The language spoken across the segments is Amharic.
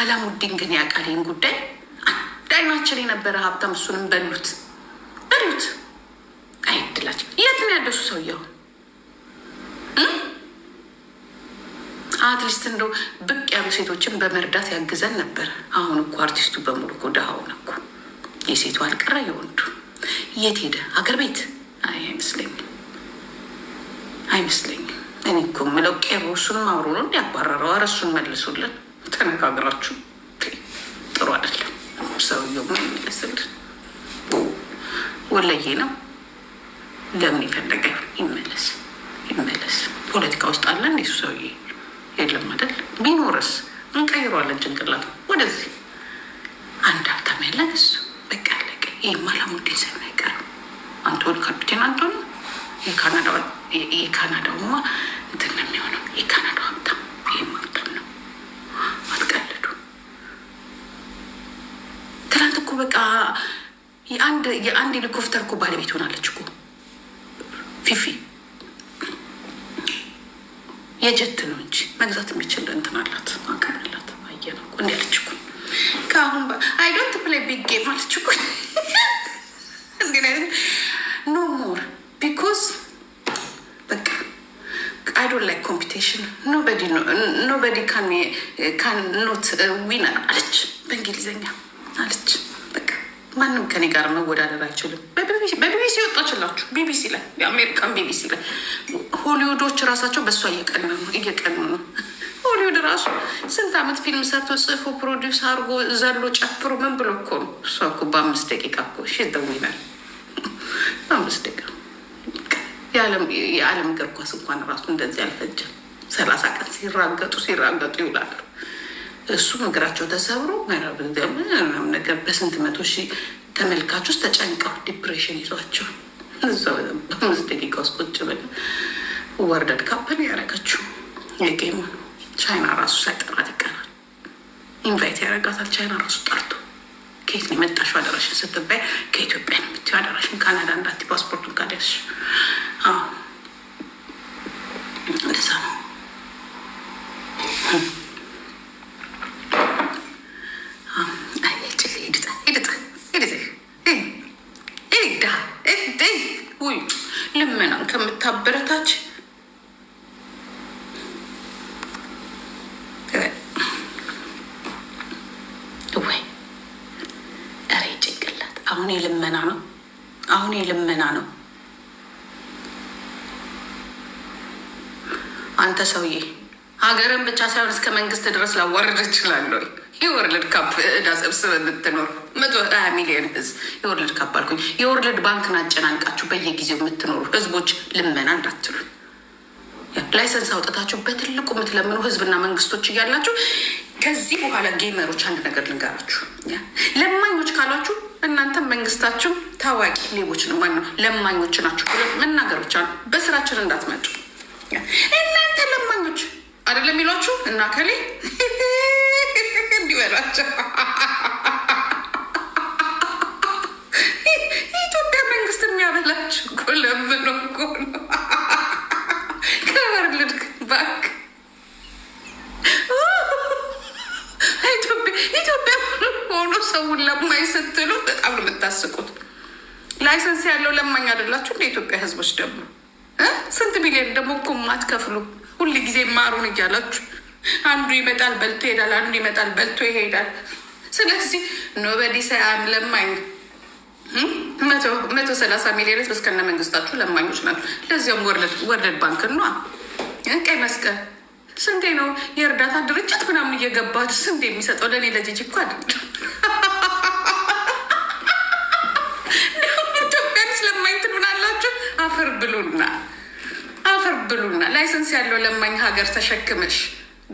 አላሙዲን ግን ያውቃልን ጉዳይ ዳይናችን የነበረ ሀብታም እሱንም በሉት በሉት። አይድላቸው የት ነው ያደሱ ሰውየው? አትሊስት እንደ ብቅ ያሉ ሴቶችን በመርዳት ያግዘን ነበር። አሁን እኮ አርቲስቱ በሙሉ እኮ ድሃ እኮ። የሴቱ አልቀረ የወንዱ የት ሄደ? አገር ቤት? አይ አይመስለኝም፣ አይመስለኝም። እኔ እኮ የምለው ቄሮ እሱንም አብሮ ነው እንዲያባረረው። ኧረ እሱን መልሱልን። ተነጋግራችሁ ጥሩ አይደለም። ሰውየው የሚመለስል ወለዬ ነው። ለምን የፈለገ ይመለስ ይመለስ። ፖለቲካ ውስጥ አለ እንዲሱ ሰውዬ የለም አይደል? ቢኖርስ እንቀይረዋለን ጭንቅላት ወደዚህ አንድ ሀብታም ያለን እሱ በቃ ያለቀ። ይህ ማላሙዲን ሰሚ አይቀርም። አንቶን ካፒቴን አንቶኒ የካናዳውማ እንትን ነው የሚሆነው የካናዳ በቃ የአንድ የአንድ ሄሊኮፍተር እኮ ባለቤት ሆናለች እኮ ፊፊ። የጀት ነው እንጂ መግዛት የሚችል እንትን አላት አቅም አላት። አየህ ነው እንዲ ያለች እኮ ከአሁን አይ ዶንት ፕላይ ቢግ ጌም አለች እኮ እንዲ ኖ ሞር ቢኮዝ በቃ አይ ዶንት ላይክ ኮምፒቴሽን ኖበዲ ኖበዲ ካን ኖት ዊነር አለች በእንግሊዝኛ አለች። ማንም ከኔ ጋር መወዳደር አይችልም። በቢቢሲ ወጣችላችሁ። ቢቢሲ ላይ የአሜሪካን ቢቢሲ ላይ ሆሊውዶች ራሳቸው በእሷ እየቀኑ ነው እየቀኑ ነው። ሆሊውድ ራሱ ስንት አመት ፊልም ሰርቶ ጽፎ ፕሮዲውስ አድርጎ ዘሎ ጨፍሮ ምን ብሎ እኮ ነው። እሷ እኮ በአምስት ደቂቃ እኮ ይላል። በአምስት ደቂቃ የዓለም እግር ኳስ እንኳን ራሱ እንደዚህ አልፈጀም። ሰላሳ ቀን ሲራገጡ ሲራገጡ ይውላሉ። እሱም እግራቸው ተሰብሮ ነገር በስንት መቶ ሺ ተመልካች ውስጥ ተጨንቀው ዲፕሬሽን ይዟቸው በአምስት ደቂቃ ውስጥ ቁጭ ብለ ወርደድ ካፐን ያደረገችው የጌም ቻይና ራሱ ሳይጠራት ይቀራል። ኢንቫይት ያደረጋታል ቻይና ራሱ ጠርቶ ከየት ነው የመጣሽው? አደራሽን ስትባይ ከኢትዮጵያ ነው የምትይው። አደራሽን ካናዳ እንዳትዪ ፓስፖርቱን ካደሽ ውይ ልመናን ከምታበረታች ወይ ኧረ ጭንቅላት አሁን የልመና ነው። አሁን የልመና ነው። አንተ ሰውዬ ሀገርን ብቻ ሳይሆን እስከ መንግስት ድረስ ላዋርድ እችላለሁ። ይወርልድ ካፕ እዳ ሰብስበ ብትኖር መቶ ሀያ ሚሊዮን ህዝብ የወርልድ ካባልኩኝ የወርልድ ባንክን አጨናንቃችሁ በየጊዜው የምትኖሩ ህዝቦች ልመና እንዳትሉ። ላይሰንስ አውጥታችሁ በትልቁ የምትለምኑ ህዝብና መንግስቶች እያላችሁ ከዚህ በኋላ ጌመሮች አንድ ነገር ልንገራችሁ። ለማኞች ካሏችሁ እናንተ መንግስታችሁ ታዋቂ ሌቦች ነው ማ ለማኞች ናችሁ መናገር ብቻ ነው። በስራችን እንዳትመጡ እናንተ ለማኞች አይደለም የሚሏችሁ እና ከሌ እንዲበላቸው አይደላችሁ እንደ ኢትዮጵያ ህዝቦች ደግሞ ስንት ሚሊዮን ደግሞ እኮ ማትከፍሉ ሁል ጊዜ ማሩን እያላችሁ አንዱ ይመጣል በልቶ ይሄዳል፣ አንዱ ይመጣል በልቶ ይሄዳል። ስለዚህ ኖበዲ ሳያም ለማኝ መቶ ሰላሳ ሚሊዮን ህዝብ እስከነ መንግስታችሁ ለማኞች ናቸሁ። ለዚያም ወርልድ ባንክ ነ ቀይ መስቀል ስንዴ ነው የእርዳታ ድርጅት ምናምን እየገባችሁ ስንዴ የሚሰጠው ለእኔ ለጅጅ እኳ አይደለም። አፈር ብሉና አፈር ብሉና ላይሰንስ ያለው ለማኝ ሀገር ተሸክመሽ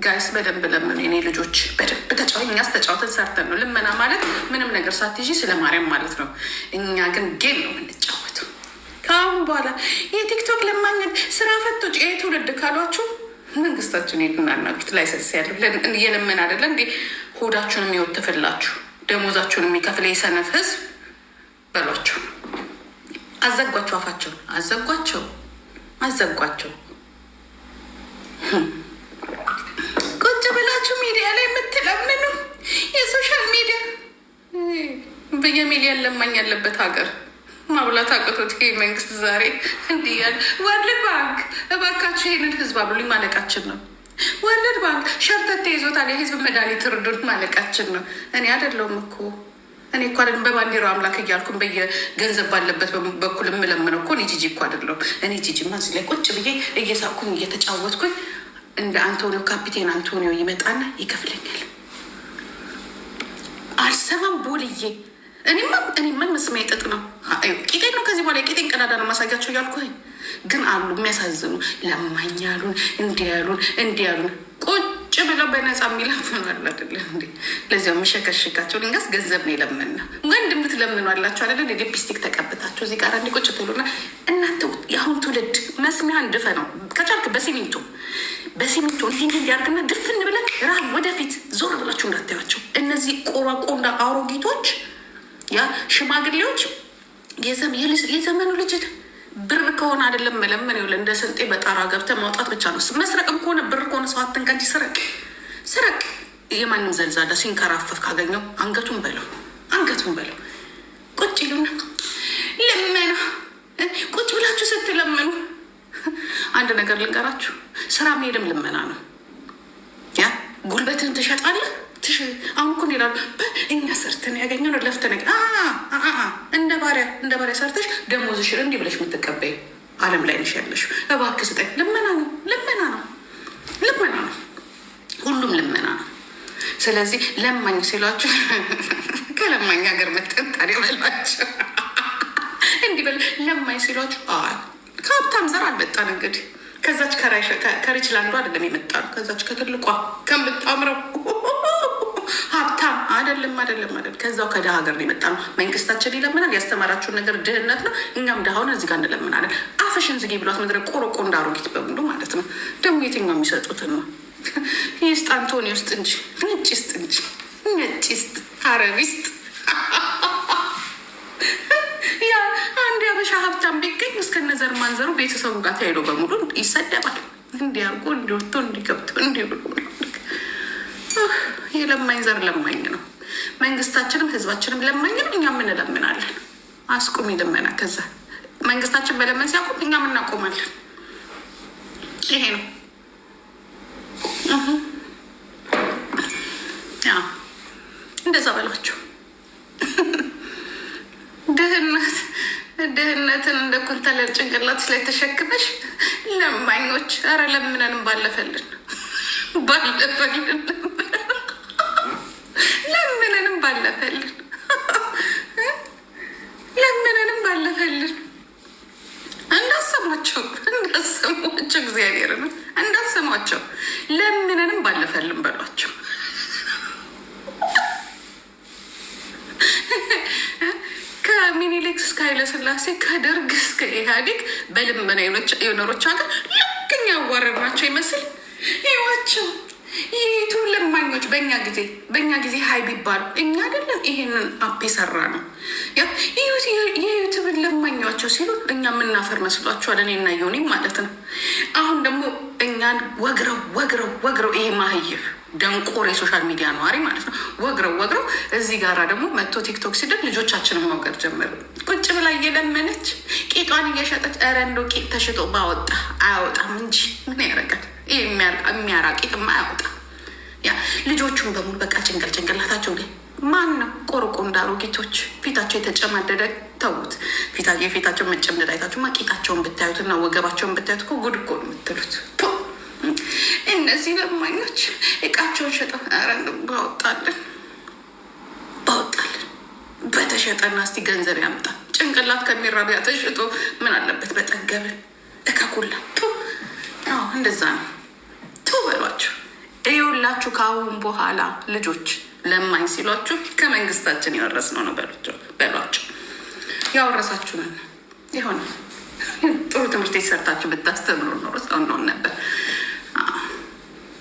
ጋይስ በደንብ ለምኑ። የኔ ልጆች በደንብ ተጫወት። እኛስ ሰርተን ነው። ልመና ማለት ምንም ነገር ሳትይዢ ስለ ማርያም ማለት ነው። እኛ ግን ጌም ነው የምንጫወተው። ከአሁን በኋላ የቲክቶክ ለማኝን ስራ ፈቶች ይሄ ትውልድ ካሏችሁ መንግስታችን ይድናናችሁት። ላይሰንስ ያለው እየለመን አደለ እንዴ? ሆዳችሁን የሚወትፍላችሁ ደሞዛችሁን የሚከፍል የሰነፍ ህዝብ በሏቸው። አዘጓቸው፣ አፋቸው አዘጓቸው፣ አዘጓቸው። ቁጭ ብላችሁ ሚዲያ ላይ የምትለምኑ የሶሻል ሚዲያ በየሚሊዮን ለማኝ ያለበት ሀገር ማብላት አቅቶት ይሄ መንግስት ዛሬ እንዲህ ያለ ወርልድ ባንክ እባካቸው ይህንን ህዝብ አብሉኝ ማለቃችን ነው። ወርልድ ባንክ ሸርተት ይዞታል የህዝብ መድኃኒት እርዱን ማለቃችን ነው። እኔ አይደለውም እኮ እኔ እኮ አይደለም በባንዲራው አምላክ እያልኩም በየገንዘብ ባለበት በኩል የምለምነው እኮ እኔ ጂጂ እኮ አይደለሁም። እኔ ጂጂ ማንስ ላይ ቁጭ ብዬ እየሳኩኝ እየተጫወትኩኝ እንደ አንቶኒዮ ካፒቴን አንቶኒዮ ይመጣና ይከፍለኛል። አልሰማም ቦልዬ እኔማ እኔማ መስሚያ ጥጥ ነው ቂጤን ነው። ከዚህ በኋላ ቂጤን ቀዳዳ ነው ማሳያቸው እያልኩኝ ግን አሉ የሚያሳዝኑ ለማኛሉን እንዲያሉን እንዲያሉን ቁጭ ብለው በነፃ የሚለምኑ አሉ አይደለ? ለዚያው የሚሸከሽካቸው ድንጋስ ገንዘብ ነው የለመና ወንድ የምትለምኑ አላቸው አይደለ? ሊፕስቲክ ተቀብታቸው እዚህ ጋር እንዲህ ትሉና እናንተ የአሁን ትውልድ መስሚያን ድፈ ነው ከቻልክ በሲሚንቶ በሲሚንቶ ይህን እንዲያርግና ድፍን ብለ ራ ወደፊት ዞር ብላችሁ እንዳታያቸው። እነዚህ ቆራቆንዳ አሮጊቶች ያ ሽማግሌዎች የዘመኑ ልጅ ብር ከሆነ አይደለም መለመን ይውል እንደ ስልጤ በጣራ ገብተ ማውጣት ብቻ ነው። መስረቅም ከሆነ ብር ከሆነ ሰው አትንቀንጂ፣ ስረቅ ስረቅ። የማንም ዘልዛዳ ሲንከራፈፍ ካገኘው አንገቱን በለው አንገቱን በለው። ቁጭ ይሉና ለመና ቁጭ ብላችሁ ስትለመኑ አንድ ነገር ልንገራችሁ፣ ስራ መሄድም ልመና ነው። ያ ጉልበትህን ትሸጣለህ። አሁን እኮ ይላሉ እኛ ሰርተን ያገኘነው ለፍተን እንደ ባሪያ ሰርተሽ ደሞዝሽን እንዲህ ብለሽ የምትቀበይ አለም ላይ ነሽ ያለሽ። እባክህ ስጠኝ። ልመና ነው ልመና ነው ልመና ነው። ሁሉም ልመና ነው። ስለዚህ ለማኝ ሲሏቸው ከለማኝ ሀገር መጠን ታዲያ በላቸው እንዲህ በል ለማኝ ሲሏቸው አዋል ከሀብታም ዘር አልመጣን እንግዲህ ከዛች ከሪች ላንዱ አይደለም የመጣ ነው። ከዛች ከትልቋ ከምታምረው አይደለም አይደለም አይደለም። ከዛው ከድሃ ሀገር ነው የመጣ ነው። መንግስታችን ይለምናል። ያስተማራችሁን ነገር ድህነት ነው። እኛም ድሃውን እዚህ ጋር እንለምናለን። አፍሽን ዝጊ ብሏት መድረግ ቆረቆ እንዳሮጊት በሙሉ ማለት ነው። ደግሞ የትኛው የሚሰጡትን ነው? ይስጥ አንቶኒ ውስጥ እንጂ ነጭ ስጥ እንጂ ነጭ ስጥ አረቢ ስጥ አንድ ያበሻ ሀብታም ቢገኝ እስከነ ዘር ማንዘሩ ቤተሰቡ ጋር ተሄዶ በሙሉ ይሰደባል። እንዲያርጎ እንዲወጥቶ እንዲገብቶ እንዲብሎ ብሎ የለማኝ ዘር ለማኝ ነው። መንግስታችንም ህዝባችንም ለመኝም እኛም እንለምናለን። አስቁም ልመና። ከዛ መንግስታችን በለመን ሲያቁም እኛም እናቆማለን። ይሄ ነው እንደዛ በላቸው። ድህነት ድህነትን እንደ ኮንተለር ጭንቅላትሽ ላይ ተሸክመሽ ለማኞች፣ ኧረ ለምነንም ባለፈልን ባለፈልን ባለፈልን ለምንንም ባለፈልን እንዳሰሟቸው እንዳሰሟቸው እግዚአብሔርን እንዳሰሟቸው ለምንንም ባለፈልን በሏቸው። ከሚኒሊክ እስከ ኃይለስላሴ ከደርግ እስከ ኢህአዴግ በልመና የኖሮች ሀገር ልክ እኛ ያዋረድናቸው ይመስል ይዋቸው የቱ ለማኞች በእኛ ጊዜ በእኛ ጊዜ ሀይ ቢባሉ እኛ አይደለም ይሄንን አፕ የሰራ ነው። የዩቲዩብን ለማኛቸው ሲሉ እኛ የምናፈር መስሏቸዋል። እና የሆኒ ማለት ነው። አሁን ደግሞ እኛን ወግረው ወግረው ወግረው ይሄ ማህይር ደንቆር የሶሻል ሚዲያ ነዋሪ ማለት ነው። ወግረው ወግረው እዚህ ጋራ ደግሞ መጥቶ ቲክቶክ ሲደል ልጆቻችን መውገር ጀመሩ። ቁጭ ብላ እየለመነች ቂጧን እየሸጠች ረንዶ እንደው ቂጥ ተሽጦ ባወጣ አያወጣም እንጂ ምን ያደርጋል? የሚያራቂጥማ ማያወጣ ያ ልጆቹን በሙሉ በቃ ጭንቅል ጭንቅላታቸው ላይ ማን ነው ቆርቆንዳ አሮጊቶች ፊታቸው የተጨማደደ ተዉት። የፊታቸው መጨምደድ አይታችሁማ ቂጣቸውን ብታዩት እና ወገባቸውን ብታዩት እኮ ጉድ እኮ ነው የምትሉት። እነዚህ ለማኞች እቃቸውን ሸጠው ባወጣለን ባወጣለን በተሸጠና እስቲ ገንዘብ ያምጣ። ጭንቅላት ከሚራቢያ ተሽጦ ምን አለበት በጠገብን እከኩላ አዎ እንደዛ ነው። ትውበሏችሁ እየውላችሁ ከአሁን በኋላ ልጆች ለማኝ ሲሏችሁ ከመንግስታችን የወረስነው ነው በሏቸው። ያወረሳችሁ ነን የሆነ ጥሩ ትምህርት የተሰርታችሁ ብታስተምሩ ኖሮ ሰውነውን ነበር።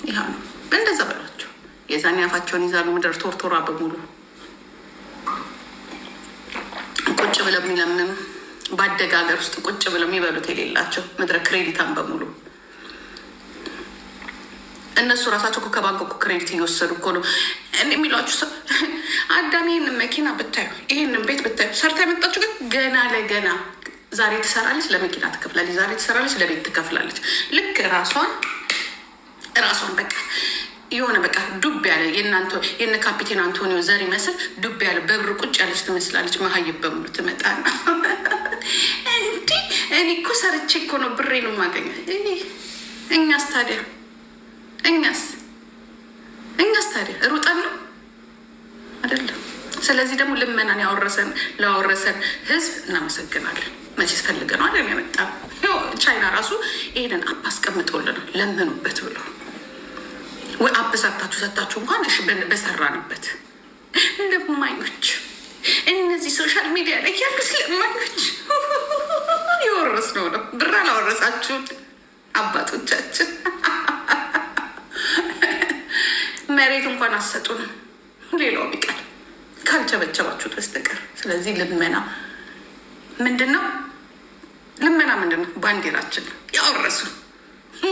ይኸው እንደዛ በሏቸው። የዛን ያፋቸውን ይዛሉ። ምድር ቶርቶራ በሙሉ ቁጭ ብለው የሚለምንም በአደጋ ሀገር ውስጥ ቁጭ ብለው የሚበሉት የሌላቸው ምድረ ክሬዲታን በሙሉ እነሱ ራሳቸው ከባንክ ክሬዲት እየወሰዱ እኮ ነው የሚሏችሁ። ሰው አዳሚ ይህንን መኪና ብታዩ፣ ይህንን ቤት ብታዩ፣ ሰርታ የመጣችሁ ግን ገና ለገና ዛሬ ትሰራለች፣ ለመኪና ትከፍላለች፣ ዛሬ ትሰራለች፣ ለቤት ትከፍላለች። ልክ ራሷን ራሷን በቃ የሆነ በቃ ዱብ ያለ የነ ካፒቴን አንቶኒዮ ዘር ይመስል ዱብ ያለ በብር ቁጭ ያለች ትመስላለች። መሀይብ በሙሉ ትመጣና እንዲህ እኔ እኮ ሰርቼ እኮ ነው ብሬን ማገኘ እኛ ስታዲያ እኛስ እኛስ ታዲያ ሩጠን ነው አይደለም። ስለዚህ ደግሞ ልመናን ያወረሰን ላወረሰን ህዝብ እናመሰግናለን። መቼስ ነው አለም የመጣ ቻይና ራሱ ይሄንን አፕ አስቀምጠውልናል። ለምኑበት ብሎ ወይ አፕ ሰታችሁ ሰታችሁ እንኳን እሺ በሰራንበት ለማኞች እነዚህ ሶሻል ሚዲያ ላይ ያሉት ለማኞች የወረስነው ነው። ብር አላወረሳችሁም አባቶቻችን። አስተያየት እንኳን አሰጡንም? ሌላው ቢቀር ካልቸበቸባችሁት በስተቀር። ስለዚህ ልመና ምንድነው? ልመና ምንድነው ባንዲራችን ያወረሱ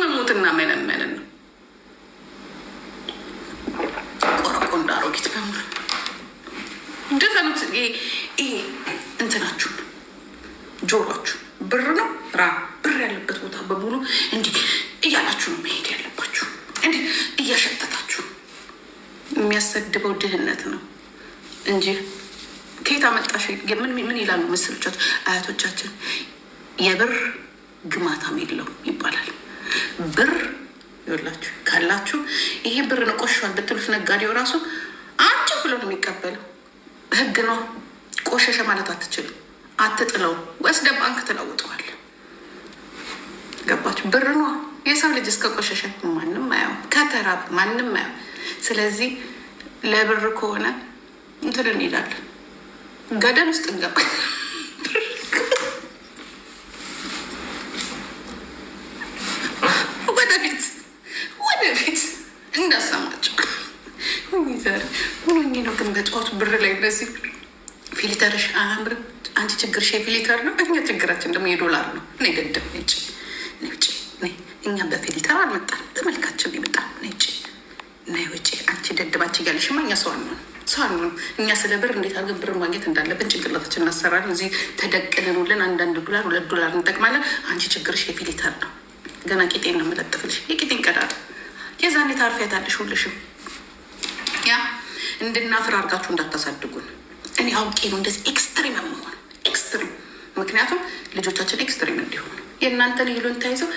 መሞትና መለመንን ነው። ቆረቆ እንደ በሙሉ እንደፈኑት እንትናችሁን ጆሮችሁ ብር ነው ራ ብር ያለበት ቦታ በሙሉ እንዲህ እያላችሁ ነው መሄድ ያለባችሁ። እንዲህ እያሸጠታችሁ የሚያሰድበው ድህነት ነው እንጂ ከየት አመጣሽ? ምን ይላሉ ምስሎቻቸው አያቶቻችን? የብር ግማታም የለውም ይባላል። ብር ይላችሁ ካላችሁ ይሄ ብር ነው ቆሽሿል ብትሉት ነጋዴው ራሱ አንቺ ብሎ ነው የሚቀበለው። ህግ ነው። ቆሸሸ ማለት አትችልም። አትጥለው ወስደ ባንክ ትለውጠዋል። ገባችሁ? ብር ነው። የሰው ልጅ እስከ ቆሸሸ ማንም አያውም። ከተራብ ማንም አያውም። ስለዚህ ለብር ከሆነ እንትን እንሄዳለን፣ ገደል ውስጥ እንገባ። ወደፊት ወደፊት እንዳሰማቸው ሚዘር ሁኖኝ ነው። ግን በጠዋቱ ብር ላይ እንደዚህ ፊልተርሽ አምር አንቺ ችግርሽ የፊልተር ነው፣ እኛ ችግራችን ደግሞ የዶላር ነው። እኔ ደደብ ነጭ ነጭ። እኛ በፊልተር አልመጣም፣ በመልካችን ይመጣል ነጭ ናይ ውጭ አንቺ ደድባች እያለሽ ማ እኛ ሰው አንሆን ሰው አንሆን። እኛ ስለ ብር እንዴት አድርገን ብር ማግኘት እንዳለብን ጭንቅላታችን እናሰራለን። እዚህ ተደቅነን ውለን አንዳንድ ዶላር ሁለት ዶላር እንጠቅማለን። አንቺ ችግርሽ የፊሊተር ነው። ገና ቂጤን ነው የምለጥፍልሽ። የቂጤን ቀዳል የዛኔ ታርፊያታለሽ። ሁልሽም ያ እንድናፍር አድርጋችሁ እንዳታሳድጉን። እኔ አውቄ ነው እንደዚህ ኤክስትሪም የምሆን ኤክስትሪም። ምክንያቱም ልጆቻችን ኤክስትሪም እንዲሆኑ የእናንተን ይሉን ተይዘው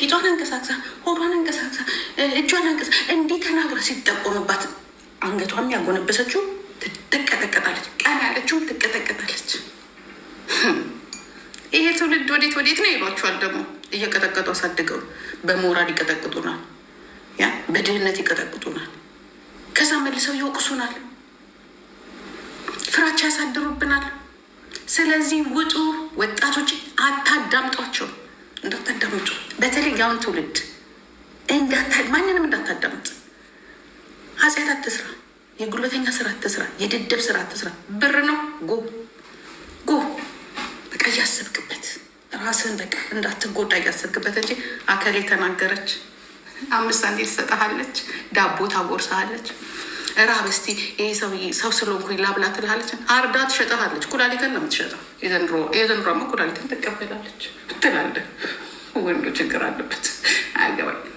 ቂጧን አንቀሳቅሳ ሆዷን አንቀሳቅሳ እጇን አንቀጽ እንዲህ ተናግራ ሲጠቆምባት አንገቷም ያጎነበሰችው ትቀጠቀጣለች፣ ቀን ያለችውም ትቀጠቀጣለች። ይሄ ትውልድ ወዴት ወዴት ነው ይሏቸዋል። ደግሞ እየቀጠቀጡ አሳድገው በሞራል ይቀጠቅጡናል፣ ያ በድህነት ይቀጠቅጡናል። ከዛ መልሰው ይወቅሱናል፣ ፍራቻ ያሳድሩብናል። ስለዚህ ውጡ። ወጣቶች አታዳምጧቸው፣ እንዳታዳምጡ በተለይ ያሁን ትውልድ ማንንም እንዳታዳምጥ፣ ኃጢአት አትስራ፣ የጉልበተኛ ስራ አትስራ፣ የደደብ ስራ አትስራ። ብር ነው ጎ ጎ በቃ እያሰብክበት ራስህን በቃ እንዳትጎዳ እያሰብክበት እንጂ አከሌ ተናገረች አምስት አንዴ ትሰጠሃለች፣ ዳቦ ታጎርሰሃለች። ራብ እስቲ ይህ ሰው ሰው ስለሆንኩኝ ላብላ ትልሃለች። አርዳ ትሸጠሃለች። ኩላሊትን ነው የምትሸጠው። የዘንድሮማ ኩላሊትን ትቀበላለች ትላለህ። ወንዶ ችግር አለበት አያገባኝ